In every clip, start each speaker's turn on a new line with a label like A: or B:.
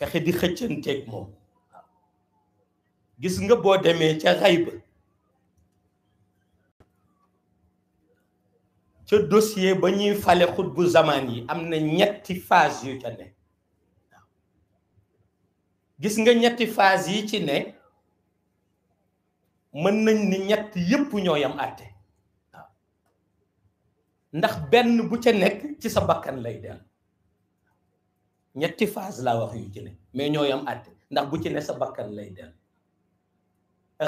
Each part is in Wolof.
A: fexe di xëccanteeg moom gis nga boo demee ca xayba ca dossier ba ñuy fale xut bu zamaan yi am na ñetti phase yu ca ne gis nga ñetti faas yi ci ne mën nañ ni ñett yépp ñoo yam àtte ndax benn bu ca nekk ci sa bakkan lay del ñetti phase laa wax yu jële mais ñooy am àtte ndax bu ci ne sa bakkan lay del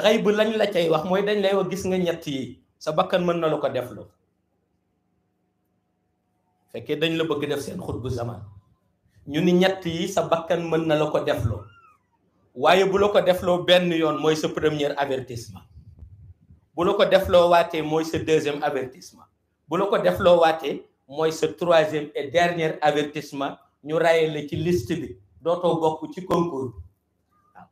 A: rey bi lañ la cay wax mooy dañ lay wax gis nga ñett yi sa bakkan mën na la ko def lu fekkee dañ la bëgg def seen xut bu ñu ni ñett sa bakkan mën na la ko defloo waaye bu la ko defloo benn yoon mooy sa premier avertissement bu la ko defloo waatee mooy sa deuxième avertissement bu la ko defloo waatee mooy sa troisième et dernier avertissement ñu raye la ci list bi dootoo bokk ci concours bi waaw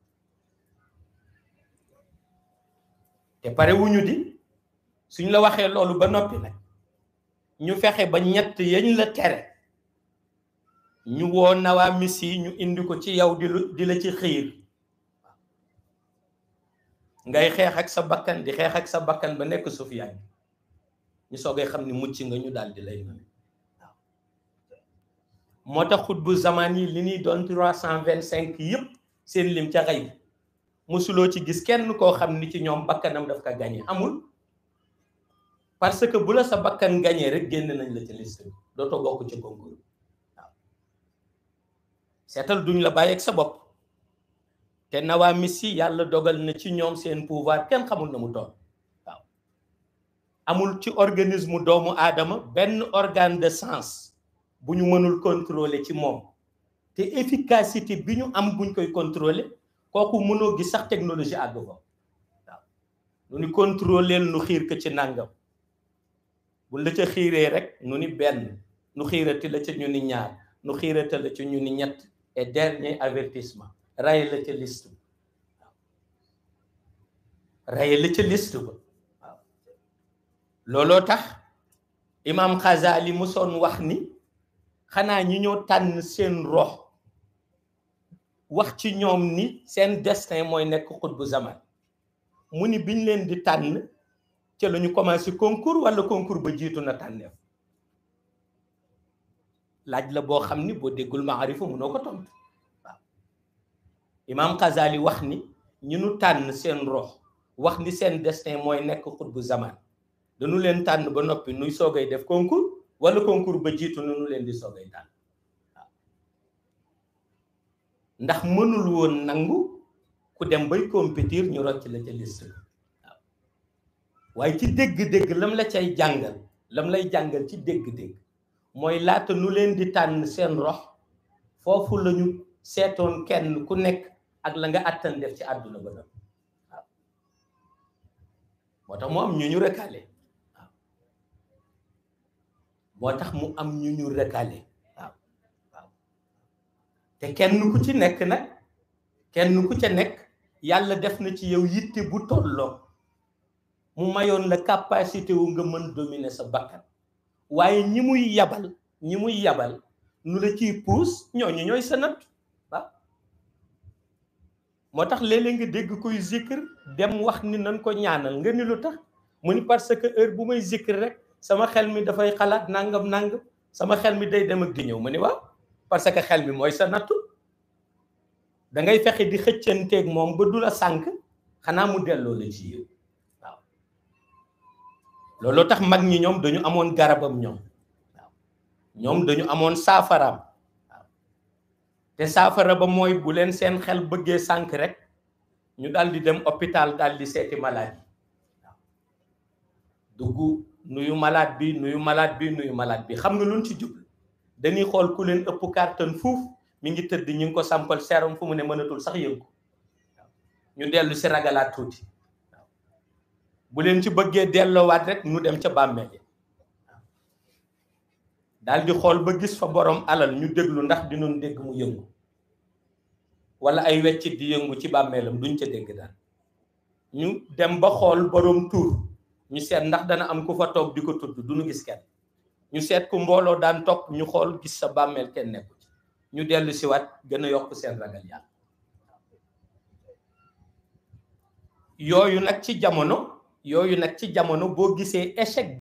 A: te pare wuñu di suñ la waxee loolu ba noppi nag ñu fexe ba ñett yañ la tere ñu woo nawaa mis yi ñu indi ko ci yow di di la ci xiir ngay xeex ak sa bakkan di xeex ak sa bakkan ba nekk suuf yaay ñu soogee xam ni mucc nga ñu daal di lay mën moo tax xutbu zamaan yi li ñuy doon trois cent vingt cinq yëpp seen lim ca xëy mosuloo ci gis kenn koo xam ni ci ñoom bakkanam daf ko gañe amul parce que bu la sa bakkan gañee rek génn nañ la ci liste bi dootoo bokk ci concours waaw seetal duñ la bàyyi ak sa bopp te nawaa misi yàlla dogal na ci ñoom seen pouvoir kenn xamul na mu toll waaw amul ci organisme doomu aadama benn organ de sens bu ñu mënul contrôler ci moom te efficacité bi ñu am buñ koy contrôler kooku mënoo gis sax technologie àgg fa waaw nu ni contrôler nu xiir ko ci nàngam bu la ca xiiree rek nu ni benn nu xiirati la ca ñu ni ñaar nu xiirata ca ñu ni ñett et dernier avertissement raye la ca liste ba looloo tax imam Xazali mu soon wax ni xanaa ñu ñëw tànn seen rox wax ci ñoom ni seen destin mooy nekk xutbu zaman mu ni biñ leen di tànn ca lañu ñu commencé concours wala concours ba jiitu na tànneef laaj la boo xam ni boo déggul maarifa noo ko tontu waaw imaam wax ni ñu nu tànn seen rox wax ni seen destin mooy nekk xutbu zaman dañu leen tànn ba noppi nuy soogay def concours wala concours ba jiitu nu leen di soogay daan ndax mënul woon nangu ku dem bay compétir ñu rocc la ca liste waaye ci dégg-dégg lam la cay jàngal lam lay jàngal ci dégg-dégg mooy laata nu leen di tànn seen rox foofu lañu seetoon kenn ku nekk ak la nga àttan def ci àdduna ba nag waaw moo tax mu ñu ñu recalé moo tax mu am ñu ñu recalé waaw waaw te kenn ku ci nekk nag kenn ku ca nekk yàlla def na ci yow yitte bu tolloo mu mayoon la capacité wu nga mën domine sa bakkan waaye ñi muy yabal ñi muy yabal lu la ciy puus ñooñu ñooy sa natt moo tax léeg-léeg nga dégg koy zikr dem wax ni nan ko ñaanal nga ni lu tax mu ni parce que heure bu may zikr rek sama xel mi dafay xalaat nangam nangam sama xel mi day dem ak di ñëw ma ni waaw parce que xel mi mooy sa nattu da ngay fexe di xëccanteeg moom ba du la sànk xanaa mu delloo la ci waaw loolu tax mag ñi ñoom dañu amoon garabam ñoom waaw ñoom dañu amoon saafaraam waaw te saafara ba mooy bu leen seen xel bëggee sànk rek ñu dal di dem hôpital daal di seeti maladie waaw dugg nuyu malaat bi nuyu malaat bi nuyu malaat bi xam nga luñ ci jublu dañuy xool ku leen ëpp kàttan fuuf mi ngi tëdd ñu ngi ko sampal seeram fu mu ne mënatul sax yëngu ñu dellu si ragalaat tuuti bu leen ci bëggee delloowaat rek ñu dem ca bàmmeel yi daal di xool ba gis fa boroom alal ñu déglu ndax dinoon dégg mu yëngu wala ay weccit di yëngu ci bàmmeelam duñ ca dégg daal ñu dem ba xool boroom tuur ñu seet ndax dana am ku fa toog di ko tudd du ñu gis kenn ñu seet ku mbooloo daan topp ñu xool gis sa bàmmeel kenn nekku ci ñu dellu si gën a yokk seen ragal yàlla yooyu nag ci jamono yooyu nag ci jamono boo gisee échec